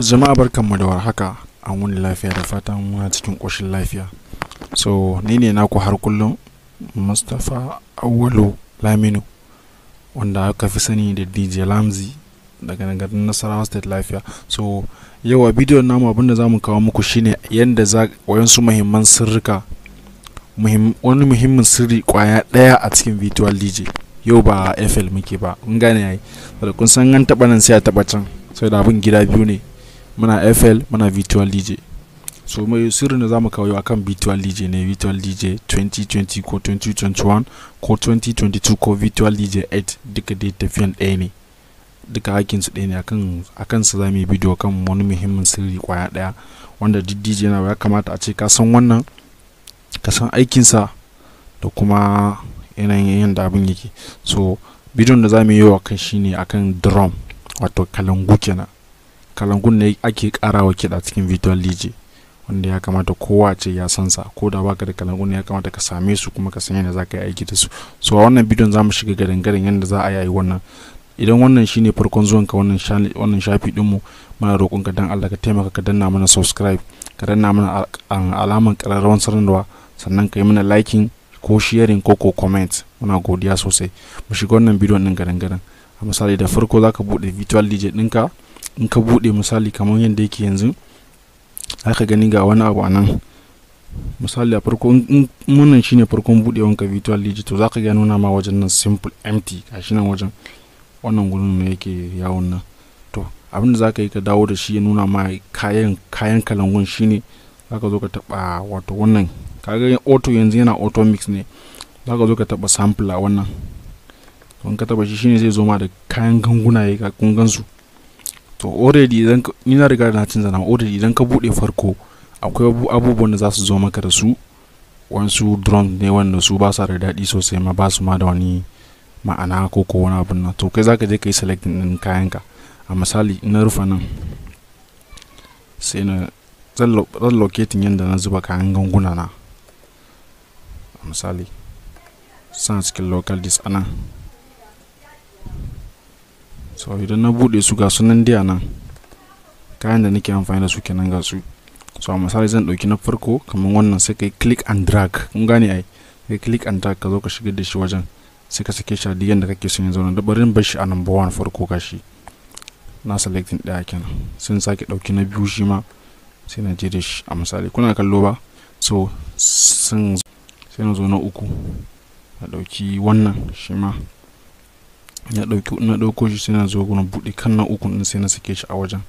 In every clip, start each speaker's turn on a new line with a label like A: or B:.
A: jama'a barkanmu da warhaka an wuni lafiya da fatan muna cikin ƙoshin lafiya so ni ne naku har kullum mustapha auwalu laminu wanda aka fi sani da dj lamzi daga nagarin nasarawa state lafiya so yau a bidiyon namu abinda za mu kawo muku shine yadda za wayansu muhimman sirrika wani muhimmin sirri kwaya daya a cikin virtual dj yau ba fl muke ba in gane yayi da san an taba nan sai a taba can sai da abin gida biyu ne muna fl muna virtual dj so mai sirrin da za mu kawo akan virtual dj ne virtual dj 2020 ko 2021 ko 2022 ko virtual dj 8 duka dai tafiyan ɗaya ne duka hakin su ɗaya ne akan akan su zamu yi bidiyo kan wani muhimmin sirri kwaya ɗaya wanda duk dj na ya kamata a ce ka san wannan ka san aikinsa da kuma yanayin da abin yake so bidiyon da za mu yi wa kan shine akan drum wato kalangu kenan kalangun ne ake karawa kiɗa cikin virtual dj wanda ya kamata kowa ce ya san sa ko da baka da kalangun ya kamata ka same su kuma ka san yadda za ka yi aiki da su so a wannan bidiyon za mu shiga garin garin yadda za a yi wannan idan wannan shine farkon zuwan ka wannan wannan shafi dinmu muna roƙon ka dan Allah ka taimaka ka danna mana subscribe ka danna mana alaman ƙararrawan sanarwa sannan ka yi mana liking ko sharing ko ko comment muna godiya sosai mu shiga wannan bidiyon din garin garin a misali da farko zaka bude virtual DJ ɗinka in ka bude misali kamar yadda yake yanzu aka gani ga wani abu a nan misali a farko munan wannan shine farkon bude wanka virtual legit to ka gani nuna ma wajen nan simple empty shi nan wajen wannan gudun ne yake yawon nan to abin da ka yi ka dawo da shi ya nuna ma kayan kayan kalangun shine ka zo ka taba wato wannan kaga auto yanzu yana auto mix ne ka zo ka taba sample a wannan to in ka taba shi shine zai zo ma da kayan ganguna ya kun gansu to already idan ni na riga na canza na already idan ka bude farko akwai abubuwan da za su zo maka da su wasu drone ne wanda su ba sa da daɗi sosai ma ba su ma da wani ma'ana ko ko wani abin nan to kai zaka je ka yi selecting din kayanka a misali na rufa nan sai na zan locating yadda na zuba kayan ganguna na a misali san cikin local disk anan so idan na bude su ga sunan dia nan kayan da nake amfani da su kenan ga su so a misali zan dauki na farko kamar wannan sai kai click and drag kun gane ai kai click and drag ka zo ka shigar da shi wajen sai ka sake shi a kake son ya zauna da barin bar shi a number one farko gashi na selecting daya kenan sun sake dauki na biyu shi ma sai na je da shi a misali kuna kallo ba so sun sai na zo na uku na dauki wannan shi ma ya ɗauki na ɗauko shi sai na zo gurin buɗe kan na uku ɗin sai na sake shi a wajen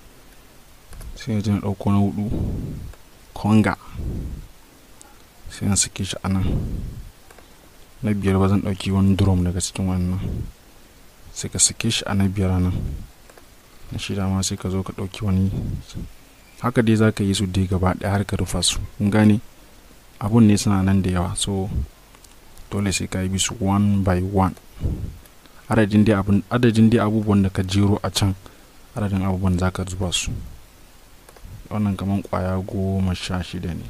A: sai na je na ɗauko na hudu konga sai na sake shi a nan na biyar ba zan ɗauki wani drum daga cikin wannan sai ka sake shi a na biyar nan na shida ma sai ka zo ka ɗauki wani haka dai za ka yi su dai gaba ɗaya har ka rufa su kun gane abun ne suna nan da yawa so dole sai ka yi bisu one by one adadin dai abun adadin dai abubuwan da ka jero a can adadin abubuwan za ka zuba su wannan kaman kwaya goma sha shida ne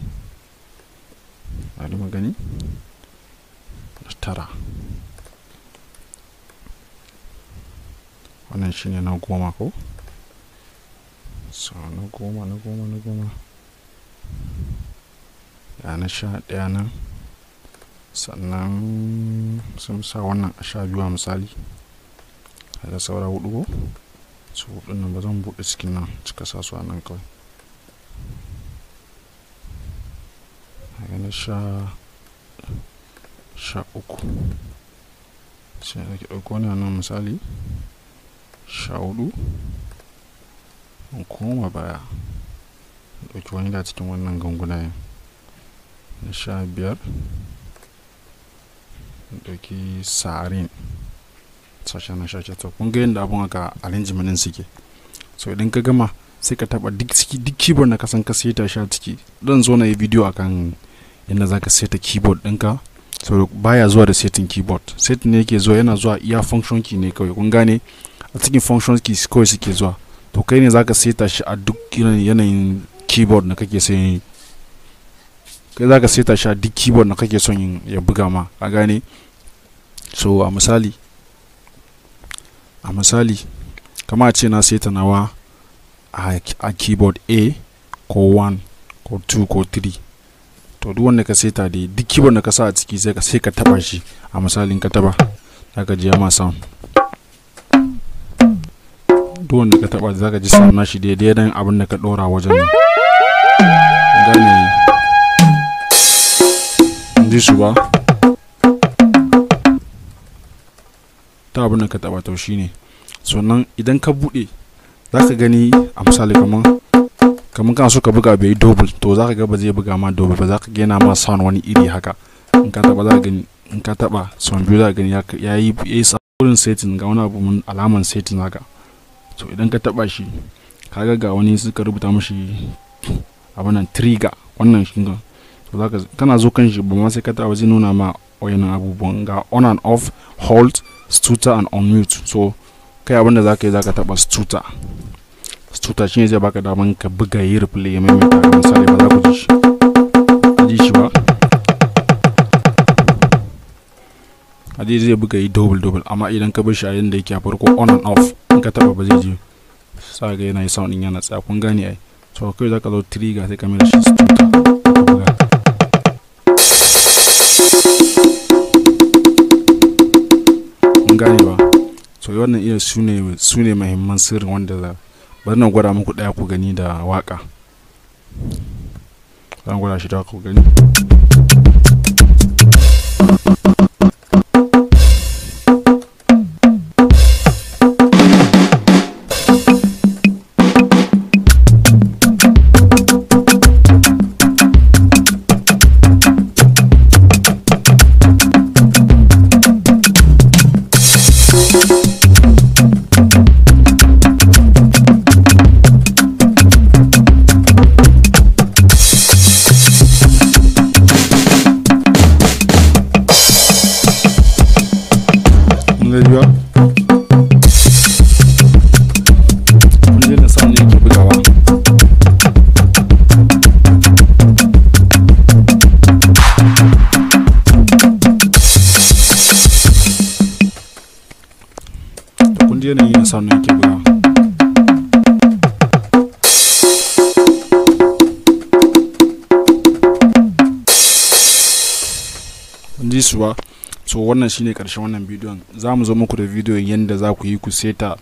A: wani magani gani tara wannan shine na goma ko so na goma na goma na goma ya na sha daya nan sannan sun sa wannan a sha biyu a misali daga saura hudu ko su hudu nan ba zan buɗe cikin nan cika sa su a nan kawai daga na sha sha uku sai da ke ɗauko a nan misali sha hudu koma baya ɗauki wani da cikin wannan gangunayen na sha biyar ɗauki sarin sashe na sashe to kun ga yadda abun haka arrangement suke so idan ka gama sai ka taba duk keyboard na kasan ka seta shi a ciki don zo na yi video akan yadda ka seta keyboard ɗinka so baya zuwa da setting keyboard setting ne yake zuwa yana zuwa iya function key ne kawai kun gane a cikin function key kawai suke zuwa to kai ne za ka seta shi a duk yanayin keyboard na kake sayin kai za ka seta shi a duk keyboard na kake son ya buga ma a gane so a misali a misali kama a ce na seta nawa a keyboard a ko 1 ko 2 ko 3 to duk wanda ka seta dai duk keyboard na ka sa a ciki sai ka sai ka taba shi a misalin ka taba za ka ji ma sound duk wanda ka taba za ka ji sound na shi daidai dan abin da ka dora wajen gane ji su ba ta abin da ka taba taushi ne sannan idan ka bude za ka gani a misali kamar kamar kan so ka buga bai double to za ka ga ba zai buga ma double ba za ka gina ma sound wani iri haka in ka taba za ka gani in ka taba sound biyu za ka gani ya yi sabon setting ga wani abu alaman setting haka to idan ka taba shi ka ga ga wani suka rubuta mashi abin nan trigger wannan shingan to kana zo kan shi ba ma sai ka taba zai nuna ma wayan abubuwan ga on and off hold stutter and unmute so kai abin da zaka yi zaka taba stutter stutter shine zai baka daman ka buga yi replay mai maimaita misali ba za ku ji shi ji shi ba aje zai buga yi double double amma idan ka bar shi a yanda yake a farko on and off in ka taba ba zai ji sa ga yana yi sound yana tsaya kun gani ai so kai zaka zo trigger sai ka mai shi stutter wannan iya sune ne mahimman sirrin wanda bari na gwada muku daya ku gani da waka zan gwada shi da ku gani Fechou? yanayin sannan yake guda ji su ba so wannan shine karshen wannan bidiyon za mu zo muku da bidiyon yadda za ku yi ku seta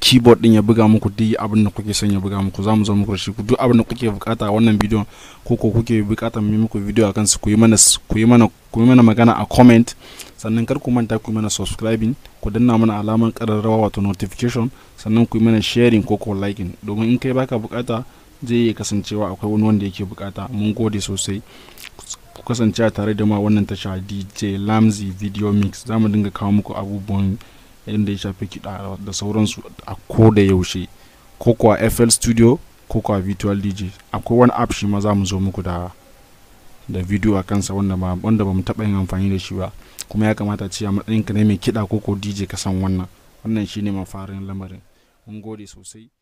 A: keyboard din ya buga muku duk abin da kuke son ya buga muku za mu zo muku da shi duk abin da kuke bukata wannan bidiyon ko ko kuke bukata mu yi muku bidiyo akan su ku yi mana ku yi mana ku yi mana magana a comment sannan kar ku manta ku yi mana subscribing ku danna mana alamar kararrawa wato notification sannan ku yi mana sharing ko ko liking domin in kai baka bukata zai iya kasancewa akwai wani wanda yake bukata mun gode sosai ku kasance a tare da ma wannan tasha dj lamzi video mix za mu dinga kawo muku abubuwan yadda ya shafi kiɗa da sauransu a ko da yaushe ko kuwa fl studio ko kuwa virtual dj akwai wani app shi ma za mu zo muku da da video a kansa wanda ba wanda mu taɓa yin amfani da shi ba kuma ya kamata ce a matsayinka ne mai kiɗa ko ko dj ka san wannan wannan shine mafarin lamarin mun gode sosai